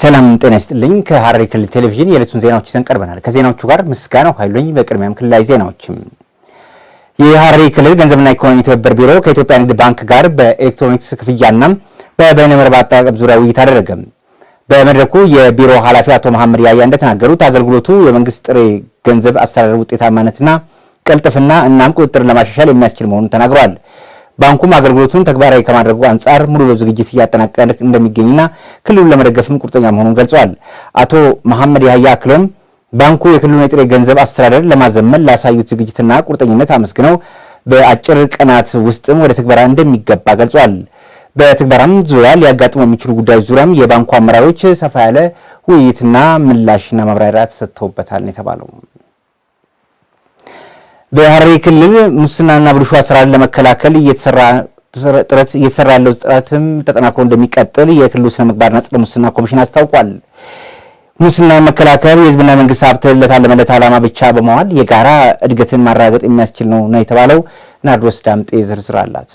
ሰላም ጤና ይስጥልኝ። ከሐረሪ ክልል ቴሌቪዥን የዕለቱን ዜናዎች ይዘን ቀርበናል። ከዜናዎቹ ጋር ምስጋናው ኃይሎኝ። በቅድሚያም ክልላዊ ዜናዎችም የሐረሪ ክልል ገንዘብና ኢኮኖሚ ትብብር ቢሮ ከኢትዮጵያ ንግድ ባንክ ጋር በኤሌክትሮኒክስ ክፍያና በበይነመረብ አጠቃቀም ዙሪያ ውይይት አደረገ። በመድረኩ የቢሮ ኃላፊ አቶ መሐመድ ያያ እንደተናገሩት አገልግሎቱ የመንግስት ጥሬ ገንዘብ አሰራር ውጤታማነትና ቅልጥፍና እናም ቁጥጥር ለማሻሻል የሚያስችል መሆኑን ተናግረዋል። ባንኩም አገልግሎቱን ተግባራዊ ከማድረጉ አንጻር ሙሉ ዝግጅት እያጠናቀቀ እንደሚገኝና ክልሉን ለመደገፍም ቁርጠኛ መሆኑን ገልጸዋል። አቶ መሐመድ ያህያ አክሎም ባንኩ የክልሉን የጥሬ ገንዘብ አስተዳደር ለማዘመን ላሳዩት ዝግጅትና ቁርጠኝነት አመስግነው በአጭር ቀናት ውስጥም ወደ ትግበራ እንደሚገባ ገልጿል። በትግበራም ዙሪያ ሊያጋጥሙ የሚችሉ ጉዳዮች ዙሪያም የባንኩ አመራሮች ሰፋ ያለ ውይይትና ምላሽና ማብራሪያ ተሰጥተውበታል ነው የተባለው። በሐረሪ ክልል ሙስናና ብልሹ አሰራርን ለመከላከል እየተሰራ ያለው ጥረትም ተጠናክሮ እንደሚቀጥል የክልሉ ስነ ምግባርና ጸረ ሙስና ኮሚሽን አስታውቋል። ሙስናን መከላከል የህዝብና መንግስት ሀብት ለታለመለት ዓላማ ብቻ በመዋል የጋራ እድገትን ማረጋገጥ የሚያስችል ነው ነው የተባለው። ናርዶስ ዳምጤ ዝርዝር አላት።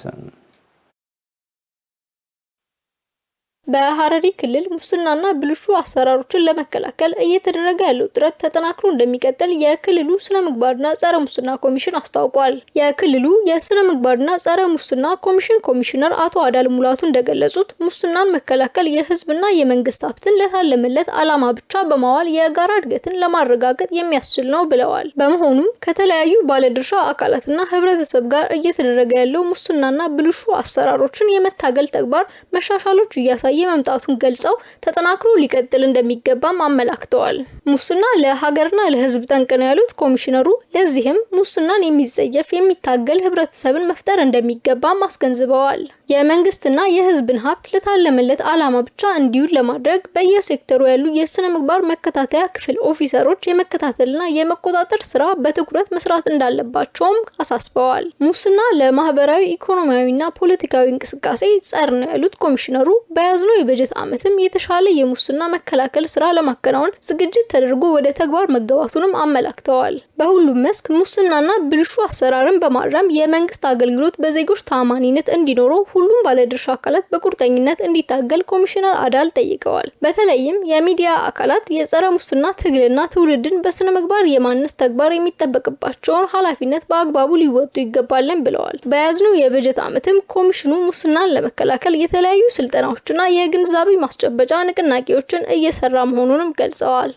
በሐረሪ ክልል ሙስናና ብልሹ አሰራሮችን ለመከላከል እየተደረገ ያለው ጥረት ተጠናክሮ እንደሚቀጥል የክልሉ ስነ ምግባርና ጸረ ሙስና ኮሚሽን አስታውቋል። የክልሉ የስነ ምግባርና ጸረ ሙስና ኮሚሽን ኮሚሽነር አቶ አዳል ሙላቱ እንደገለጹት ሙስናን መከላከል የህዝብና የመንግስት ሀብትን ለታለመለት ዓላማ ብቻ በማዋል የጋራ እድገትን ለማረጋገጥ የሚያስችል ነው ብለዋል። በመሆኑም ከተለያዩ ባለድርሻ አካላትና ህብረተሰብ ጋር እየተደረገ ያለው ሙስናና ብልሹ አሰራሮችን የመታገል ተግባር መሻሻሎች እያሳ። እየታየ መምጣቱን ገልጸው ተጠናክሮ ሊቀጥል እንደሚገባም አመላክተዋል። ሙስና ለሀገርና ለሕዝብ ጠንቅ ነው ያሉት ኮሚሽነሩ ለዚህም ሙስናን የሚጸየፍ የሚታገል ህብረተሰብን መፍጠር እንደሚገባም አስገንዝበዋል። የመንግስትና የህዝብን ሀብት ለታለመለት ዓላማ ብቻ እንዲውል ለማድረግ በየሴክተሩ ያሉ የስነ ምግባር መከታተያ ክፍል ኦፊሰሮች የመከታተልና የመቆጣጠር ስራ በትኩረት መስራት እንዳለባቸውም አሳስበዋል። ሙስና ለማህበራዊ ኢኮኖሚያዊና ፖለቲካዊ እንቅስቃሴ ጸር ነው ያሉት ኮሚሽነሩ በያዝነው የበጀት ዓመትም የተሻለ የሙስና መከላከል ስራ ለማከናወን ዝግጅት ተደርጎ ወደ ተግባር መገባቱንም አመላክተዋል። በሁሉም መስክ ሙስናና ብልሹ አሰራርን በማረም የመንግስት አገልግሎት በዜጎች ታማኒነት እንዲኖረው ሁሉም ባለድርሻ አካላት በቁርጠኝነት እንዲታገል ኮሚሽነር አዳል ጠይቀዋል። በተለይም የሚዲያ አካላት የጸረ ሙስና ትግልና ትውልድን በስነ ምግባር የማነስ ተግባር የሚጠበቅባቸውን ኃላፊነት በአግባቡ ሊወጡ ይገባለን ብለዋል። በያዝነው የበጀት ዓመትም ኮሚሽኑ ሙስናን ለመከላከል የተለያዩ ስልጠናዎችና የግንዛቤ ማስጨበጫ ንቅናቄዎችን እየሰራ መሆኑንም ገልጸዋል።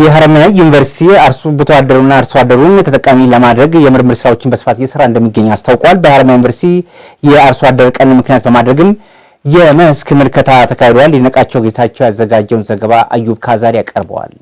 የሀረማያ ዩኒቨርሲቲ አርሶ አደሩና አደሩና አርሶ አደሩን ተጠቃሚ ለማድረግ የምርምር ስራዎችን በስፋት እየሰራ እንደሚገኝ አስታውቋል። በሀረማያ ዩኒቨርሲቲ የአርሶ አደር ቀን ምክንያት በማድረግም የመስክ ምልከታ ተካሂዷል። ሊነቃቸው ጌታቸው ያዘጋጀውን ዘገባ አዩብ ካዛሪ ያቀርበዋል።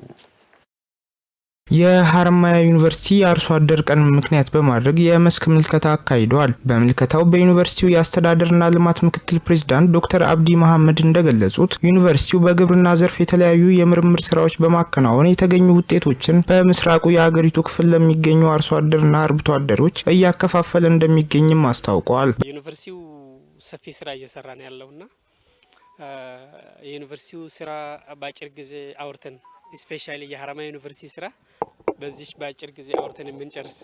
የሀረማያ ዩኒቨርሲቲ የአርሶ አደር ቀን ምክንያት በማድረግ የመስክ ምልከታ አካሂደዋል። በምልከታው በዩኒቨርሲቲው የአስተዳደርና ልማት ምክትል ፕሬዚዳንት ዶክተር አብዲ መሐመድ እንደገለጹት ዩኒቨርሲቲው በግብርና ዘርፍ የተለያዩ የምርምር ስራዎች በማከናወን የተገኙ ውጤቶችን በምስራቁ የአገሪቱ ክፍል ለሚገኙ አርሶ አደርና አርብቶ አደሮች እያከፋፈለ እንደሚገኝም አስታውቀዋል። ዩኒቨርሲቲው ሰፊ ስራ እየሰራ ነው ያለውና የዩኒቨርሲቲው ስራ በአጭር ጊዜ አውርተን ስፔሻሊ የሀረማ ዩኒቨርሲቲ ስራ በዚች በአጭር ጊዜ አውርተን የምንጨርስ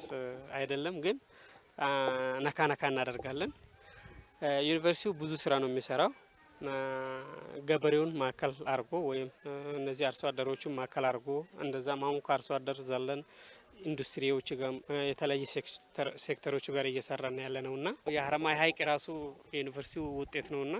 አይደለም፣ ግን ነካ ነካ እናደርጋለን። ዩኒቨርሲቲው ብዙ ስራ ነው የሚሰራው። ገበሬውን ማዕከል አድርጎ ወይም እነዚህ አርሶ አደሮቹን ማዕከል አድርጎ እንደዛም አሁን ከአርሶ አደር ዘለን ኢንዱስትሪዎች የተለያዩ ሴክተሮች ጋር እየሰራን ያለ ነውና የአረማ ሀይቅ የራሱ የዩኒቨርሲቲው ውጤት ነው እና።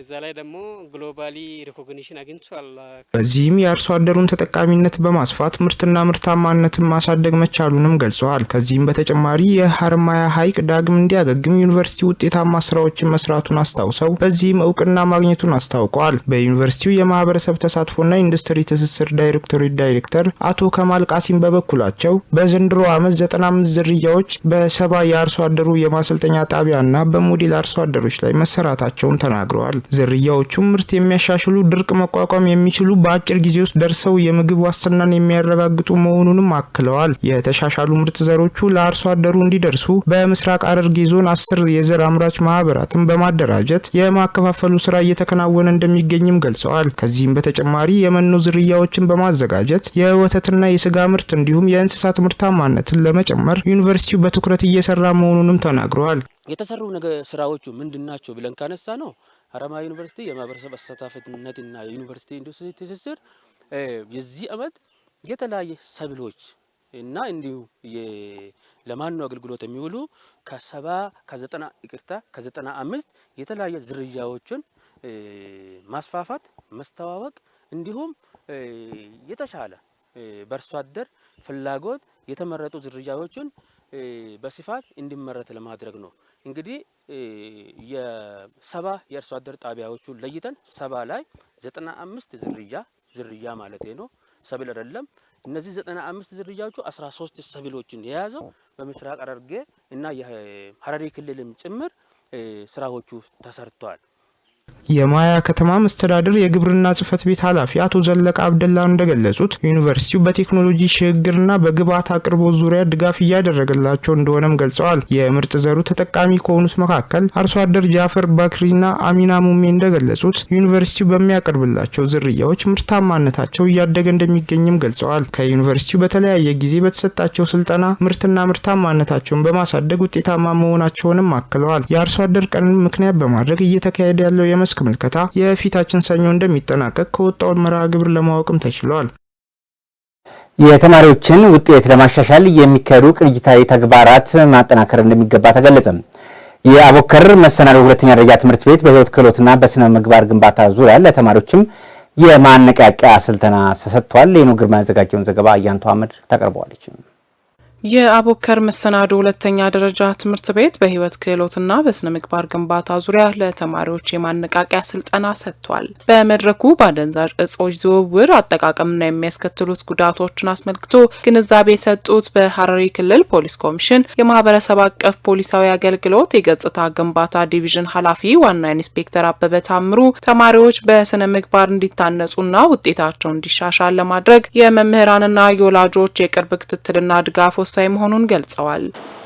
እዛ ላይ ደግሞ ግሎባሊ ሪኮግኒሽን አግኝቷል። በዚህም የአርሶ አደሩን ተጠቃሚነት በማስፋት ምርትና ምርታማነትን ማሳደግ መቻሉንም ገልጸዋል። ከዚህም በተጨማሪ የሀርማያ ሐይቅ ዳግም እንዲያገግም ዩኒቨርሲቲ ውጤታማ ስራዎችን መስራቱን አስታውሰው በዚህም እውቅና ማግኘቱን አስታውቀዋል። በዩኒቨርሲቲው የማህበረሰብ ተሳትፎና ኢንዱስትሪ ትስስር ዳይሬክቶሬት ዳይሬክተር አቶ ከማል ቃሲም በበኩላቸው በዘንድሮ ዓመት 95 ዝርያዎች በሰባ የአርሶ አደሩ የማሰልጠኛ ጣቢያና በሞዴል አርሶ አደሮች ላይ መሰራታቸውን ተናግረዋል። ዝርያዎቹም ምርት የሚያሻሽሉ፣ ድርቅ መቋቋም የሚችሉ፣ በአጭር ጊዜ ውስጥ ደርሰው የምግብ ዋስትናን የሚያረጋግጡ መሆኑንም አክለዋል። የተሻሻሉ ምርት ዘሮቹ ለአርሶ አደሩ እንዲደርሱ በምስራቅ ሐረርጌ ዞን አስር የዘር አምራች ማህበራትን በማደራጀት የማከፋፈሉ ስራ እየተከናወነ እንደሚገኝም ገልጸዋል። ከዚህም በተጨማሪ የመኖ ዝርያዎችን በማዘጋጀት የወተትና የስጋ ምርት እንዲሁም የእንስሳት ምርታማነትን ለመጨመር ዩኒቨርሲቲው በትኩረት እየሰራ መሆኑንም ተናግረዋል። የተሰሩ ነገ ስራዎቹ ምንድን ናቸው ብለን ካነሳ ነው ሀረማያ ዩኒቨርሲቲ የማህበረሰብ አሳታፊነትና የዩኒቨርሲቲ ኢንዱስትሪ ትስስር የዚህ ዓመት የተለያየ ሰብሎች እና እንዲሁ ለማኖ አገልግሎት የሚውሉ ከሰባ ከዘጠና ይቅርታ ከዘጠና አምስት የተለያየ ዝርያዎችን ማስፋፋት መስተዋወቅ እንዲሁም የተሻለ በአርሶ አደር ፍላጎት የተመረጡ ዝርያዎችን በስፋት እንዲመረት ለማድረግ ነው። እንግዲህ የሰባ የአርሶ አደር ጣቢያዎቹን ለይተን ሰባ ላይ ዘጠና አምስት ዝርያ ዝርያ ማለት ነው ሰብል አይደለም። እነዚህ ዘጠና አምስት ዝርያዎቹ አስራ ሶስት ሰብሎችን የያዘው በምስራቅ ሐረርጌ እና የሐረሪ ክልልም ጭምር ስራዎቹ ተሰርተዋል። የማያ ከተማ መስተዳድር የግብርና ጽህፈት ቤት ኃላፊ አቶ ዘለቀ አብደላ እንደገለጹት ዩኒቨርሲቲው በቴክኖሎጂ ሽግግርና በግብዓት አቅርቦት ዙሪያ ድጋፍ እያደረገላቸው እንደሆነም ገልጸዋል። የምርጥ ዘሩ ተጠቃሚ ከሆኑት መካከል አርሶ አደር ጃፈር ባክሪና አሚና ሙሜ እንደገለጹት ዩኒቨርሲቲው በሚያቀርብላቸው ዝርያዎች ምርታማነታቸው እያደገ እንደሚገኝም ገልጸዋል። ከዩኒቨርሲቲው በተለያየ ጊዜ በተሰጣቸው ስልጠና ምርትና ምርታማነታቸውን በማሳደግ ውጤታማ መሆናቸውንም አክለዋል። የአርሶ አደር ቀንን ምክንያት በማድረግ እየተካሄደ ያለው የመስክ ምልከታ የፊታችን ሰኞ እንደሚጠናቀቅ ከወጣውን መርሃ ግብር ለማወቅም ተችሏል። የተማሪዎችን ውጤት ለማሻሻል የሚካሄዱ ቅንጅታዊ ተግባራት ማጠናከር እንደሚገባ ተገለጸ። የአቦከር መሰናዶ ሁለተኛ ደረጃ ትምህርት ቤት በህይወት ክህሎትና በስነ ምግባር ግንባታ ዙሪያ ለተማሪዎችም የማነቃቂያ ስልጠና ተሰጥቷል። ሌኖ ግርማ ያዘጋጀውን ዘገባ አያንቱ አህመድ ታቀርበዋለች። የአቦከር መሰናዶ ሁለተኛ ደረጃ ትምህርት ቤት በህይወት ክህሎትና በስነ ምግባር ግንባታ ዙሪያ ለተማሪዎች የማነቃቂያ ስልጠና ሰጥቷል። በመድረኩ በአደንዛዥ እጾች ዝውውር አጠቃቀምና የሚያስከትሉት ጉዳቶችን አስመልክቶ ግንዛቤ የሰጡት በሀረሪ ክልል ፖሊስ ኮሚሽን የማህበረሰብ አቀፍ ፖሊሳዊ አገልግሎት የገጽታ ግንባታ ዲቪዥን ኃላፊ ዋና ኢንስፔክተር አበበ ታምሩ ተማሪዎች በስነ ምግባር እንዲታነጹና ውጤታቸው እንዲሻሻል ለማድረግ የመምህራንና የወላጆች የቅርብ ክትትልና ድጋፍ ወሳኝ መሆኑን ገልጸዋል።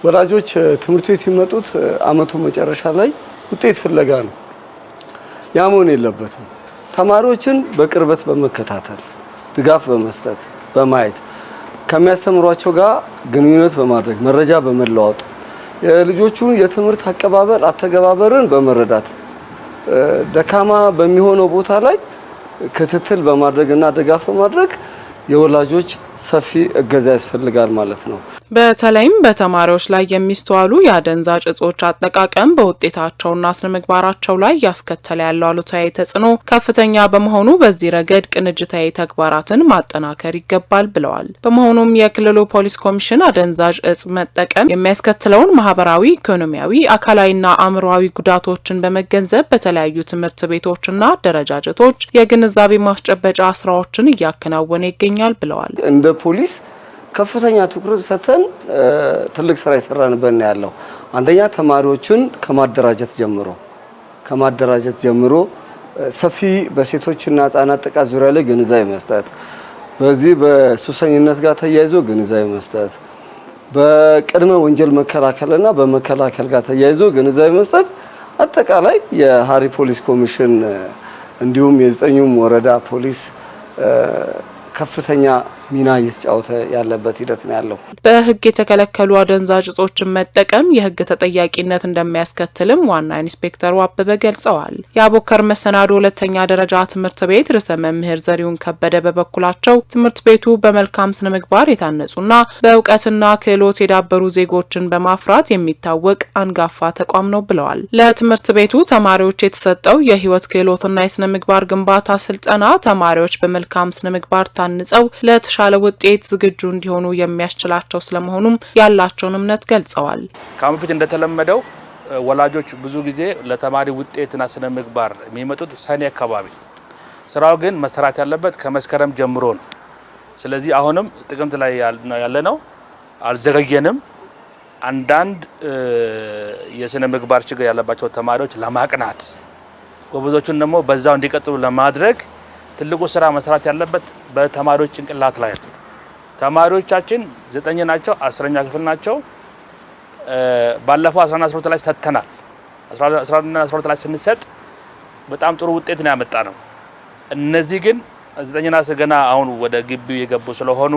ወላጆች ትምህርት ቤት የሚመጡት አመቱ መጨረሻ ላይ ውጤት ፍለጋ ነው። ያ መሆን የለበትም። ተማሪዎችን በቅርበት በመከታተል ድጋፍ በመስጠት በማየት ከሚያስተምሯቸው ጋር ግንኙነት በማድረግ መረጃ በመለዋወጥ የልጆቹን የትምህርት አቀባበል አተገባበርን በመረዳት ደካማ በሚሆነው ቦታ ላይ ክትትል በማድረግ እና ድጋፍ በማድረግ የወላጆች ሰፊ እገዛ ያስፈልጋል ማለት ነው። በተለይም በተማሪዎች ላይ የሚስተዋሉ የአደንዛዥ እጾች አጠቃቀም በውጤታቸውና ስነ ምግባራቸው ላይ እያስከተለ ያለው አሉታዊ ተጽዕኖ ከፍተኛ በመሆኑ በዚህ ረገድ ቅንጅታዊ ተግባራትን ማጠናከር ይገባል ብለዋል። በመሆኑም የክልሉ ፖሊስ ኮሚሽን አደንዛዥ እጽ መጠቀም የሚያስከትለውን ማህበራዊ፣ ኢኮኖሚያዊ፣ አካላዊና አእምሯዊ ጉዳቶችን በመገንዘብ በተለያዩ ትምህርት ቤቶችና አደረጃጀቶች የግንዛቤ ማስጨበጫ ስራዎችን እያከናወነ ይገኛል ብለዋል። እንደ ፖሊስ ከፍተኛ ትኩረት ሰጥተን ትልቅ ስራ የሰራንበት ያለው አንደኛ ተማሪዎችን ከማደራጀት ጀምሮ ከማደራጀት ጀምሮ ሰፊ በሴቶችና ህጻናት ጥቃት ዙሪያ ላይ ግንዛቤ መስጠት፣ በዚህ በሱሰኝነት ጋር ተያይዞ ግንዛቤ መስጠት፣ በቅድመ ወንጀል መከላከልና በመከላከል ጋር ተያይዞ ግንዛቤ መስጠት አጠቃላይ የሀሪ ፖሊስ ኮሚሽን እንዲሁም የዘጠኙም ወረዳ ፖሊስ ከፍተኛ ሚና እየተጫወተ ያለበት ሂደት ነው ያለው። በህግ የተከለከሉ አደንዛዥ እጾችን መጠቀም የህግ ተጠያቂነት እንደሚያስከትልም ዋና ኢንስፔክተሩ አበበ ገልጸዋል። የአቦከር መሰናዶ ሁለተኛ ደረጃ ትምህርት ቤት ርዕሰ መምህር ዘሪሁን ከበደ በበኩላቸው ትምህርት ቤቱ በመልካም ስነ ምግባር የታነጹና በእውቀትና ክህሎት የዳበሩ ዜጎችን በማፍራት የሚታወቅ አንጋፋ ተቋም ነው ብለዋል። ለትምህርት ቤቱ ተማሪዎች የተሰጠው የህይወት ክህሎትና የስነ ምግባር ግንባታ ስልጠና ተማሪዎች በመልካም ስነ ምግባር ታንጸው ለተሻለ ውጤት ዝግጁ እንዲሆኑ የሚያስችላቸው ስለመሆኑም ያላቸውን እምነት ገልጸዋል። ከአሁን ፊት እንደተለመደው ወላጆች ብዙ ጊዜ ለተማሪ ውጤትና ስነ ምግባር የሚመጡት ሰኔ አካባቢ፣ ስራው ግን መሰራት ያለበት ከመስከረም ጀምሮ ነው። ስለዚህ አሁንም ጥቅምት ላይ ያለ ነው፣ አልዘገየንም። አንዳንድ የስነ ምግባር ችግር ያለባቸው ተማሪዎች ለማቅናት ጎበዞቹን ደግሞ በዛው እንዲቀጥሉ ለማድረግ ትልቁ ስራ መስራት ያለበት በተማሪዎች ጭንቅላት ላይ ነው። ተማሪዎቻችን ዘጠኝ ናቸው፣ አስረኛ ክፍል ናቸው። ባለፈው አስራና አስራ ላይ ሰጥተናል። አስራና አስራ ላይ ስንሰጥ በጣም ጥሩ ውጤት ነው ያመጣ ነው። እነዚህ ግን ዘጠኝና ስገና አሁን ወደ ግቢው የገቡ ስለሆኑ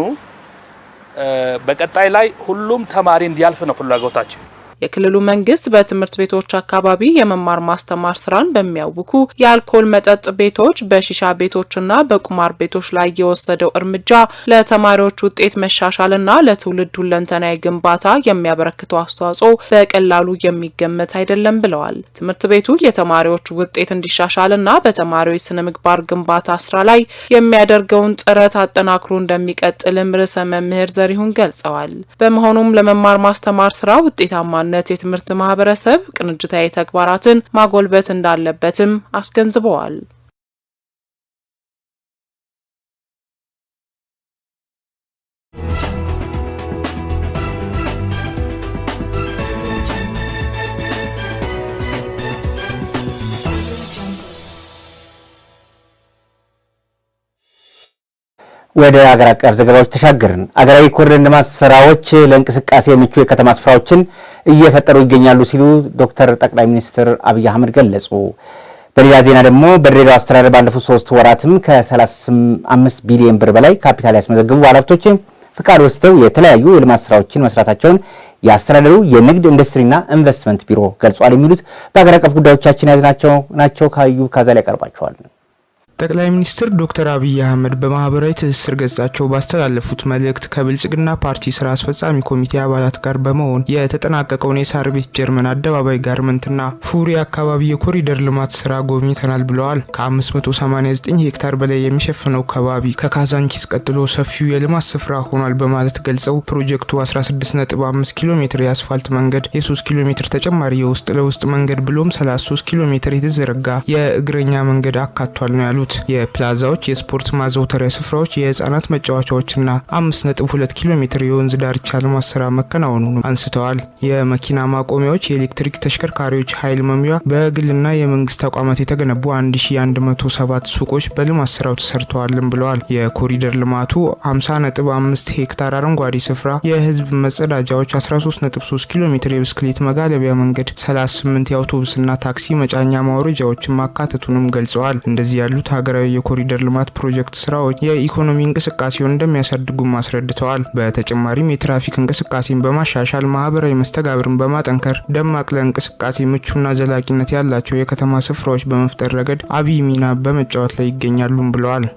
በቀጣይ ላይ ሁሉም ተማሪ እንዲያልፍ ነው ፍላጎታችን። የክልሉ መንግስት በትምህርት ቤቶች አካባቢ የመማር ማስተማር ስራን በሚያውኩ የአልኮል መጠጥ ቤቶች፣ በሺሻ ቤቶችና በቁማር ቤቶች ላይ የወሰደው እርምጃ ለተማሪዎች ውጤት መሻሻልና ለትውልድ ሁለንተናዊ ግንባታ የሚያበረክተው አስተዋጽኦ በቀላሉ የሚገመት አይደለም ብለዋል። ትምህርት ቤቱ የተማሪዎች ውጤት እንዲሻሻልና በተማሪዎች ስነ ምግባር ግንባታ ስራ ላይ የሚያደርገውን ጥረት አጠናክሮ እንደሚቀጥልም ርዕሰ መምህር ዘሪሁን ገልጸዋል። በመሆኑም ለመማር ማስተማር ስራ ውጤታማ በዋናነት የትምህርት ማህበረሰብ ቅንጅታዊ ተግባራትን ማጎልበት እንዳለበትም አስገንዝበዋል። ወደ አገር አቀፍ ዘገባዎች ተሻገርን። አገራዊ ኮሪደር ልማት ስራዎች ለእንቅስቃሴ ምቹ የከተማ ስፍራዎችን እየፈጠሩ ይገኛሉ ሲሉ ዶክተር ጠቅላይ ሚኒስትር አብይ አህመድ ገለጹ። በሌላ ዜና ደግሞ በድሬዳዋ አስተዳደር ባለፉት ሶስት ወራትም ከ35 ቢሊዮን ብር በላይ ካፒታል ያስመዘግቡ ባለሀብቶች ፍቃድ ወስደው የተለያዩ የልማት ስራዎችን መስራታቸውን የአስተዳደሩ የንግድ ኢንዱስትሪና ኢንቨስትመንት ቢሮ ገልጿል። የሚሉት በሀገር አቀፍ ጉዳዮቻችን ያዝናቸው ናቸው። ካዩ ካዛ ላይ ያቀርባቸዋል። ጠቅላይ ሚኒስትር ዶክተር አብይ አህመድ በማህበራዊ ትስስር ገጻቸው ባስተላለፉት መልእክት ከብልጽግና ፓርቲ ስራ አስፈጻሚ ኮሚቴ አባላት ጋር በመሆን የተጠናቀቀውን የሳር ቤት ጀርመን አደባባይ ጋርመንትና ፉሪ አካባቢ የኮሪደር ልማት ስራ ጎብኝተናል ብለዋል። ከ589 ሄክታር በላይ የሚሸፍነው ከባቢ ከካዛንኪስ ቀጥሎ ሰፊው የልማት ስፍራ ሆኗል በማለት ገልጸው ፕሮጀክቱ 165 ኪሎ ሜትር የአስፋልት መንገድ፣ የ3 ኪሎ ሜትር ተጨማሪ የውስጥ ለውስጥ መንገድ ብሎም 33 ኪሎ ሜትር የተዘረጋ የእግረኛ መንገድ አካቷል ነው ያሉት። የሚገኙት። የፕላዛዎች፣ የስፖርት ማዘውተሪያ ስፍራዎች፣ የህጻናት መጫወቻዎችና 5.2 ኪሎ ሜትር የወንዝ ዳርቻ ልማት ስራ መከናወኑን አንስተዋል። የመኪና ማቆሚያዎች፣ የኤሌክትሪክ ተሽከርካሪዎች ኃይል መሙያ፣ በግልና የመንግስት ተቋማት የተገነቡ 1107 ሱቆች በልማት ስራው ተሰርተዋልም ብለዋል። የኮሪደር ልማቱ 50.5 ሄክታር አረንጓዴ ስፍራ፣ የህዝብ መጸዳጃዎች፣ 13.3 ኪሎ ሜትር የብስክሌት መጋለቢያ መንገድ፣ 38 የአውቶቡስና ታክሲ መጫኛ ማውረጃዎችን ማካተቱንም ገልጸዋል። እንደዚህ ያሉት ሀገራዊ የኮሪደር ልማት ፕሮጀክት ስራዎች የኢኮኖሚ እንቅስቃሴውን እንደሚያሳድጉም አስረድተዋል። በተጨማሪም የትራፊክ እንቅስቃሴን በማሻሻል ማህበራዊ መስተጋብርን በማጠንከር ደማቅ ለእንቅስቃሴ ምቹና ዘላቂነት ያላቸው የከተማ ስፍራዎች በመፍጠር ረገድ አብይ ሚና በመጫወት ላይ ይገኛሉም ብለዋል።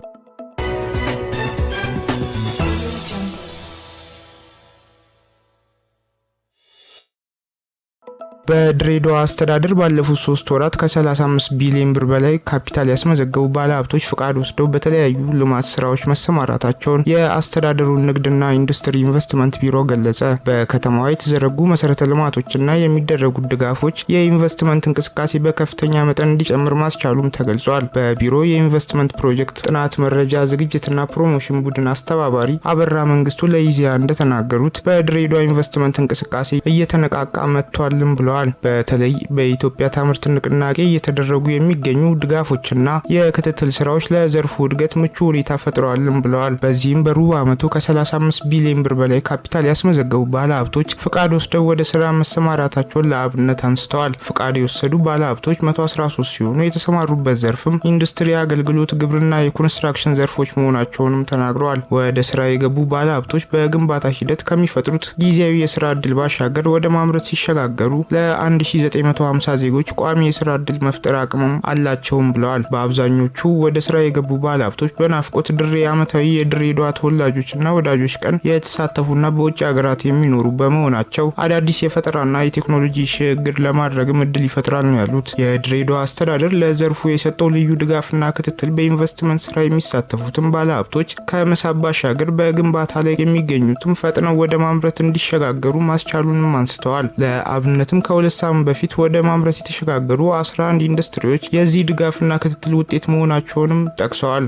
በድሬዳዋ አስተዳደር ባለፉት ሶስት ወራት ከ35 ቢሊዮን ብር በላይ ካፒታል ያስመዘገቡ ባለሀብቶች ፍቃድ ወስደው በተለያዩ ልማት ስራዎች መሰማራታቸውን የአስተዳደሩ ንግድና ኢንዱስትሪ ኢንቨስትመንት ቢሮ ገለጸ። በከተማዋ የተዘረጉ መሰረተ ልማቶችና የሚደረጉ ድጋፎች የኢንቨስትመንት እንቅስቃሴ በከፍተኛ መጠን እንዲጨምር ማስቻሉም ተገልጿል። በቢሮ የኢንቨስትመንት ፕሮጀክት ጥናት መረጃ ዝግጅትና ፕሮሞሽን ቡድን አስተባባሪ አበራ መንግስቱ ለኢዜአ እንደተናገሩት በድሬዳዋ ኢንቨስትመንት እንቅስቃሴ እየተነቃቃ መጥቷልም ብሏል። ብለዋል። በተለይ በኢትዮጵያ ታምርት ንቅናቄ እየተደረጉ የሚገኙ ድጋፎችና የክትትል ስራዎች ለዘርፉ እድገት ምቹ ሁኔታ ፈጥረዋልም ብለዋል። በዚህም በሩብ ዓመቱ ከ35 ቢሊዮን ብር በላይ ካፒታል ያስመዘገቡ ባለ ሀብቶች ፍቃድ ወስደው ወደ ስራ መሰማራታቸውን ለአብነት አንስተዋል። ፍቃድ የወሰዱ ባለ ሀብቶች 113 ሲሆኑ የተሰማሩበት ዘርፍም ኢንዱስትሪ፣ አገልግሎት፣ ግብርና፣ የኮንስትራክሽን ዘርፎች መሆናቸውንም ተናግረዋል። ወደ ስራ የገቡ ባለ ሀብቶች በግንባታ ሂደት ከሚፈጥሩት ጊዜያዊ የስራ እድል ባሻገር ወደ ማምረት ሲሸጋገሩ ለ1950 ዜጎች ቋሚ የስራ እድል መፍጠር አቅምም አላቸውም ብለዋል። በአብዛኞቹ ወደ ስራ የገቡ ባለሀብቶች በናፍቆት ድሬ ዓመታዊ የድሬዳዋ ተወላጆችና ወዳጆች ቀን የተሳተፉና በውጭ ሀገራት የሚኖሩ በመሆናቸው አዳዲስ የፈጠራና የቴክኖሎጂ ሽግግር ለማድረግም እድል ይፈጥራል ነው ያሉት። የድሬዳዋ አስተዳደር ለዘርፉ የሰጠው ልዩ ድጋፍና ክትትል በኢንቨስትመንት ስራ የሚሳተፉትን ባለሀብቶች ከመሳብ ባሻገር በግንባታ ላይ የሚገኙትም ፈጥነው ወደ ማምረት እንዲሸጋገሩ ማስቻሉንም አንስተዋል። ለአብነትም ከ ከሁለት ሳምንት በፊት ወደ ማምረት የተሸጋገሩ 11 ኢንዱስትሪዎች የዚህ ድጋፍና ክትትል ውጤት መሆናቸውንም ጠቅሰዋል።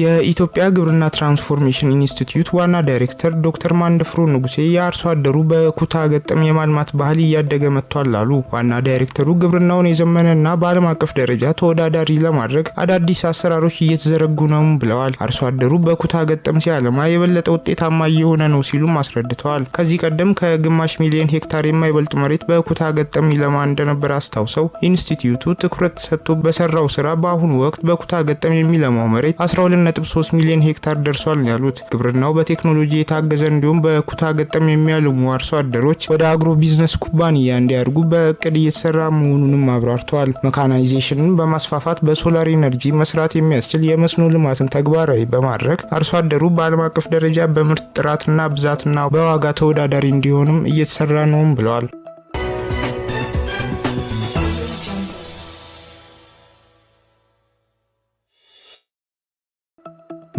የኢትዮጵያ ግብርና ትራንስፎርሜሽን ኢንስቲትዩት ዋና ዳይሬክተር ዶክተር ማንደፍሮ ንጉሴ የአርሶ አደሩ በኩታ ገጠም የማልማት ባህል እያደገ መጥቷል አሉ። ዋና ዳይሬክተሩ ግብርናውን የዘመነና በዓለም አቀፍ ደረጃ ተወዳዳሪ ለማድረግ አዳዲስ አሰራሮች እየተዘረጉ ነው ብለዋል። አርሶ አደሩ በኩታ ገጠም ሲያለማ የበለጠ ውጤታማ እየሆነ ነው ሲሉም አስረድተዋል። ከዚህ ቀደም ከግማሽ ሚሊዮን ሄክታር የማይበልጥ መሬት በኩታ ገጠም ይለማ እንደነበር አስታውሰው ኢንስቲትዩቱ ትኩረት ሰጥቶ በሰራው ስራ በአሁኑ ወቅት በኩታ ገጠም የሚለማው መሬት 12 1.3 ሚሊዮን ሄክታር ደርሷል ያሉት። ግብርናው በቴክኖሎጂ የታገዘ እንዲሁም በኩታ ገጠም የሚያልሙ አርሶ አደሮች ወደ አግሮ ቢዝነስ ኩባንያ እንዲያድጉ በእቅድ እየተሰራ መሆኑንም አብራርተዋል። መካናይዜሽንን በማስፋፋት በሶላር ኢነርጂ መስራት የሚያስችል የመስኖ ልማትን ተግባራዊ በማድረግ አርሶ አደሩ በዓለም አቀፍ ደረጃ በምርት ጥራትና ብዛትና በዋጋ ተወዳዳሪ እንዲሆንም እየተሰራ ነውም ብለዋል።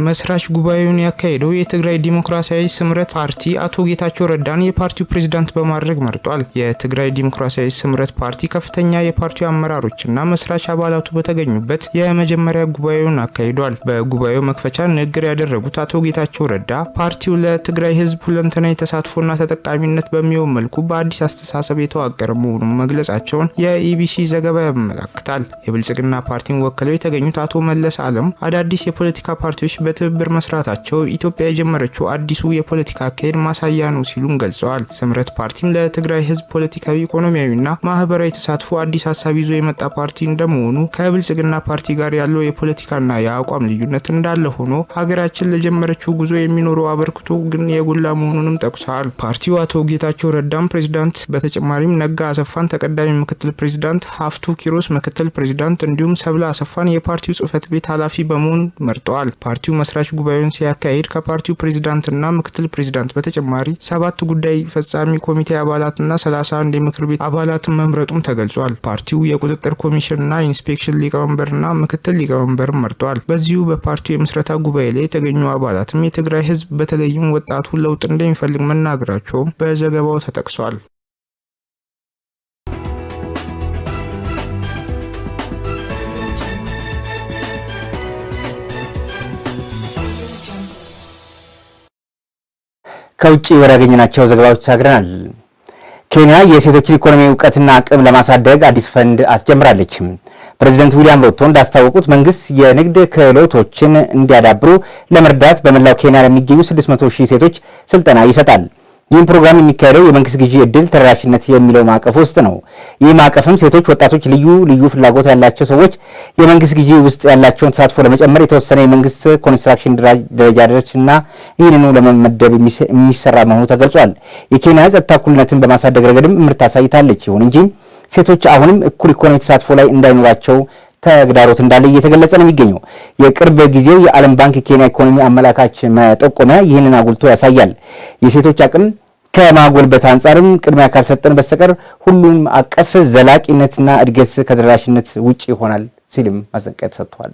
መስራች ጉባኤውን ያካሄደው የትግራይ ዲሞክራሲያዊ ስምረት ፓርቲ አቶ ጌታቸው ረዳን የፓርቲው ፕሬዝዳንት በማድረግ መርጧል። የትግራይ ዲሞክራሲያዊ ስምረት ፓርቲ ከፍተኛ የፓርቲው አመራሮችና መስራች አባላቱ በተገኙበት የመጀመሪያ ጉባኤውን አካሂዷል። በጉባኤው መክፈቻ ንግግር ያደረጉት አቶ ጌታቸው ረዳ ፓርቲው ለትግራይ ህዝብ ሁለንተናዊ ተሳትፎና ተጠቃሚነት በሚሆን መልኩ በአዲስ አስተሳሰብ የተዋቀረ መሆኑን መግለጻቸውን የኢቢሲ ዘገባ ያመላክታል። የብልጽግና ፓርቲን ወክለው የተገኙት አቶ መለስ አለም አዳዲስ የፖለቲካ ፓርቲዎች በትብብር መስራታቸው ኢትዮጵያ የጀመረችው አዲሱ የፖለቲካ አካሄድ ማሳያ ነው ሲሉም ገልጸዋል። ስምረት ፓርቲም ለትግራይ ህዝብ ፖለቲካዊ፣ ኢኮኖሚያዊና ማህበራዊ ተሳትፎ አዲስ ሀሳብ ይዞ የመጣ ፓርቲ እንደመሆኑ ከብልጽግና ፓርቲ ጋር ያለው የፖለቲካና የአቋም ልዩነት እንዳለ ሆኖ ሀገራችን ለጀመረችው ጉዞ የሚኖረው አበርክቶ ግን የጎላ መሆኑንም ጠቁሰዋል። ፓርቲው አቶ ጌታቸው ረዳም ፕሬዚዳንት፣ በተጨማሪም ነጋ አሰፋን ተቀዳሚ ምክትል ፕሬዚዳንት፣ ሀፍቱ ኪሮስ ምክትል ፕሬዚዳንት እንዲሁም ሰብለ አሰፋን የፓርቲው ጽህፈት ቤት ኃላፊ በመሆን መርጠዋል። ፓርቲው የፓርቲው መስራች ጉባኤውን ሲያካሂድ ከፓርቲው ፕሬዚዳንትና ምክትል ፕሬዚዳንት በተጨማሪ ሰባት ጉዳይ ፈጻሚ ኮሚቴ አባላትና 31 የምክር ቤት አባላትን መምረጡም ተገልጿል። ፓርቲው የቁጥጥር ኮሚሽንና ኢንስፔክሽን ሊቀመንበርና ምክትል ሊቀመንበር መርጧል። በዚሁ በፓርቲው የምስረታ ጉባኤ ላይ የተገኙ አባላትም የትግራይ ህዝብ በተለይም ወጣቱ ለውጥ እንደሚፈልግ መናገራቸውም በዘገባው ተጠቅሷል። ከውጭ ያገኘናቸው ዘገባዎች ተሻግረናል። ኬንያ የሴቶችን ኢኮኖሚ እውቀትና አቅም ለማሳደግ አዲስ ፈንድ አስጀምራለች። ፕሬዚደንት ዊሊያም ሮቶ እንዳስታወቁት መንግስት የንግድ ክህሎቶችን እንዲያዳብሩ ለመርዳት በመላው ኬንያ ለሚገኙ 600 ሺህ ሴቶች ስልጠና ይሰጣል። ይህም ፕሮግራም የሚካሄደው የመንግስት ግዢ እድል ተደራሽነት የሚለው ማዕቀፍ ውስጥ ነው። ይህ ማዕቀፍም ሴቶች፣ ወጣቶች፣ ልዩ ልዩ ፍላጎት ያላቸው ሰዎች የመንግስት ግዢ ውስጥ ያላቸውን ተሳትፎ ለመጨመር የተወሰነ የመንግስት ኮንስትራክሽን ደረጃ ድረስ እና ይህንኑ ለመመደብ የሚሰራ መሆኑ ተገልጿል። የኬንያ ጸጥታ እኩልነትን በማሳደግ ረገድም ምርት አሳይታለች። ይሁን እንጂ ሴቶች አሁንም እኩል ኢኮኖሚ ተሳትፎ ላይ እንዳይኖራቸው ተግዳሮት እንዳለ እየተገለጸ ነው የሚገኘው። የቅርብ ጊዜው የዓለም ባንክ የኬንያ ኢኮኖሚ አመላካች መጠቆሚያ ይህንን አጉልቶ ያሳያል። የሴቶች አቅም ከማጎልበት አንጻርም ቅድሚያ ካልሰጠን በስተቀር ሁሉም አቀፍ ዘላቂነትና እድገት ከተደራሽነት ውጭ ይሆናል ሲልም ማስጠንቀቂያ ተሰጥቷል።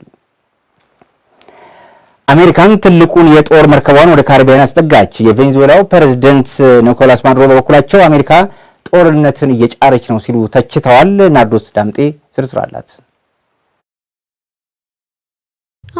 አሜሪካን ትልቁን የጦር መርከቧን ወደ ካሪቢያን አስጠጋች። የቬኔዙዌላው ፕሬዝደንት ኒኮላስ ማድሮ በበኩላቸው አሜሪካ ጦርነትን እየጫረች ነው ሲሉ ተችተዋል። ናርዶስ ዳምጤ ዝርዝር አላት።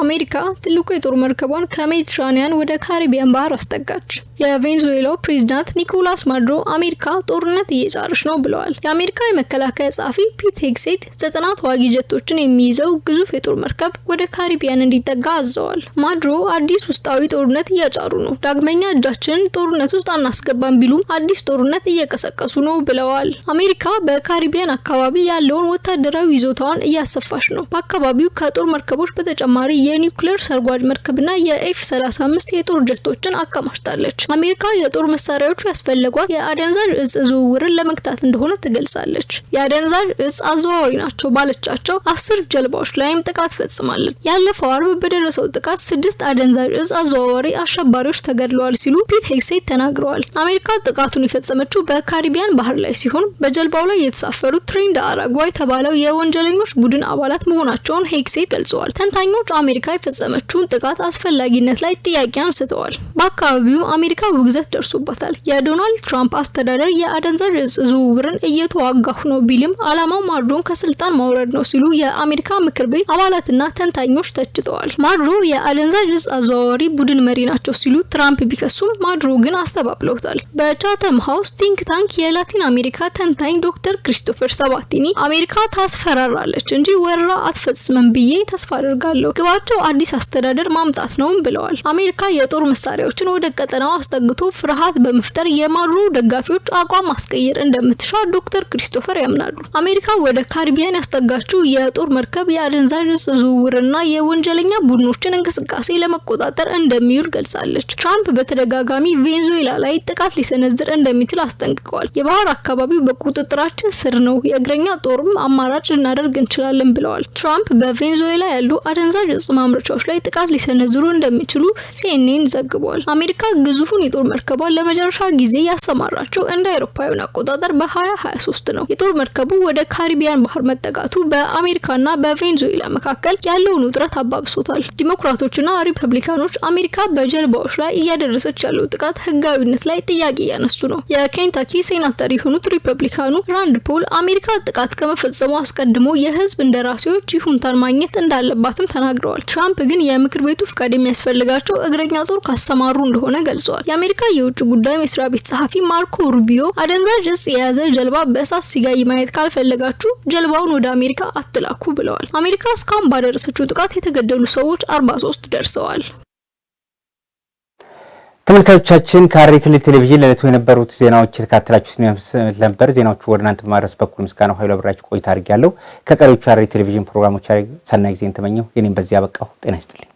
አሜሪካ ትልቁ የጦር መርከቧን ከሜዲትራኒያን ወደ ካሪቢያን ባህር አስጠጋች። የቬንዙዌላው ፕሬዚዳንት ኒኮላስ ማድሮ አሜሪካ ጦርነት እየጫረች ነው ብለዋል። የአሜሪካ የመከላከያ ጸሐፊ ፒት ሄግሴት ዘጠና ተዋጊ ጀቶችን የሚይዘው ግዙፍ የጦር መርከብ ወደ ካሪቢያን እንዲጠጋ አዘዋል። ማድሮ አዲስ ውስጣዊ ጦርነት እያጫሩ ነው፣ ዳግመኛ እጃችንን ጦርነት ውስጥ አናስገባም ቢሉም አዲስ ጦርነት እየቀሰቀሱ ነው ብለዋል። አሜሪካ በካሪቢያን አካባቢ ያለውን ወታደራዊ ይዞታዋን እያሰፋች ነው። በአካባቢው ከጦር መርከቦች በተጨማሪ የኒውክሌር ሰርጓጅ መርከብና የኤፍ 35 የጦር ጀቶችን አከማችታለች። አሜሪካ የጦር መሳሪያዎቹ ያስፈለጓት የአደንዛዥ እጽ ዝውውርን ለመግታት እንደሆነ ትገልጻለች። የአደንዛዥ እጽ አዘዋዋሪ ናቸው ባለቻቸው አስር ጀልባዎች ላይም ጥቃት ፈጽማለች። ያለፈው አርብ በደረሰው ጥቃት ስድስት አደንዛዥ እጽ አዘዋዋሪ አሸባሪዎች ተገድለዋል ሲሉ ፒት ሄግሴት ተናግረዋል። አሜሪካ ጥቃቱን የፈጸመችው በካሪቢያን ባህር ላይ ሲሆን በጀልባው ላይ የተሳፈሩት ትሬንድ አራጓ የተባለው የወንጀለኞች ቡድን አባላት መሆናቸውን ሄግሴት ገልጸዋል። ተንታኞች አሜሪካ የፈጸመችውን ጥቃት አስፈላጊነት ላይ ጥያቄ አንስተዋል። በአካባቢውም አሜሪካ ውግዘት ደርሶበታል። የዶናልድ ትራምፕ አስተዳደር የአደንዛዥ እጽ ዝውውርን እየተዋጋሁ ነው ቢልም አላማው ማድሮን ከስልጣን ማውረድ ነው ሲሉ የአሜሪካ ምክር ቤት አባላትና ተንታኞች ተችተዋል። ማድሮ የአደንዛዥ እጽ አዘዋዋሪ ቡድን መሪ ናቸው ሲሉ ትራምፕ ቢከሱም ማድሮ ግን አስተባብለውታል። በቻተም ሀውስ ቲንክ ታንክ የላቲን አሜሪካ ተንታኝ ዶክተር ክሪስቶፈር ሰባቲኒ አሜሪካ ታስፈራራለች እንጂ ወረራ አትፈጽምም ብዬ ተስፋ አድርጋለሁ ዓላማቸው አዲስ አስተዳደር ማምጣት ነውም ብለዋል። አሜሪካ የጦር መሳሪያዎችን ወደ ቀጠናው አስጠግቶ ፍርሃት በመፍጠር የማዱሮ ደጋፊዎች አቋም ማስቀየር እንደምትሻ ዶክተር ክሪስቶፈር ያምናሉ። አሜሪካ ወደ ካሪቢያን ያስጠጋችው የጦር መርከብ የአደንዛዥ እጽ ዝውውርና የወንጀለኛ ቡድኖችን እንቅስቃሴ ለመቆጣጠር እንደሚውል ገልጻለች። ትራምፕ በተደጋጋሚ ቬንዙዌላ ላይ ጥቃት ሊሰነዝር እንደሚችል አስጠንቅቀዋል። የባህር አካባቢው በቁጥጥራችን ስር ነው፣ የእግረኛ ጦርም አማራጭ ልናደርግ እንችላለን ብለዋል። ትራምፕ በቬንዙዌላ ያሉ አደንዛዥ ማምረቻዎች ላይ ጥቃት ሊሰነዝሩ እንደሚችሉ ሲኤንኤን ዘግቧል። አሜሪካ ግዙፉን የጦር መርከቧን ለመጨረሻ ጊዜ ያሰማራቸው እንደ አውሮፓውያን አቆጣጠር በ2023 ነው። የጦር መርከቡ ወደ ካሪቢያን ባህር መጠጋቱ በአሜሪካና በቬንዙዌላ መካከል ያለውን ውጥረት አባብሶታል። ዲሞክራቶችና ሪፐብሊካኖች አሜሪካ በጀልባዎች ላይ እያደረሰች ያለው ጥቃት ህጋዊነት ላይ ጥያቄ እያነሱ ነው። የኬንታኪ ሴናተር የሆኑት ሪፐብሊካኑ ራንድ ፖል አሜሪካ ጥቃት ከመፈጸሙ አስቀድሞ የህዝብ እንደራሴዎች ይሁንታን ማግኘት እንዳለባትም ተናግረዋል። ተናግረዋል። ትራምፕ ግን የምክር ቤቱ ፍቃድ የሚያስፈልጋቸው እግረኛ ጦር ካሰማሩ እንደሆነ ገልጸዋል። የአሜሪካ የውጭ ጉዳይ መስሪያ ቤት ጸሐፊ ማርኮ ሩቢዮ አደንዛዥ እጽ የያዘ ጀልባ በእሳት ሲጋይ ማየት ካልፈለጋችሁ ጀልባውን ወደ አሜሪካ አትላኩ ብለዋል። አሜሪካ እስካሁን ባደረሰችው ጥቃት የተገደሉ ሰዎች 43 ደርሰዋል። ተመልካቾቻችን ከሐረሪ ክልል ቴሌቪዥን ለዕለቱ የነበሩት ዜናዎች የተካተላችሁት የሚመስል ነበር። ዜናዎቹ ወደ እናንተ በማድረስ በኩል ምስጋናው ኃይሉ አብራችሁ ቆይታ አድርጌያለሁ። ከቀሪዎቹ ሐረሪ ቴሌቪዥን ፕሮግራሞች ሰናይ ጊዜን ተመኘው። የኔም በዚህ አበቃሁ። ጤና ይስጥልኝ።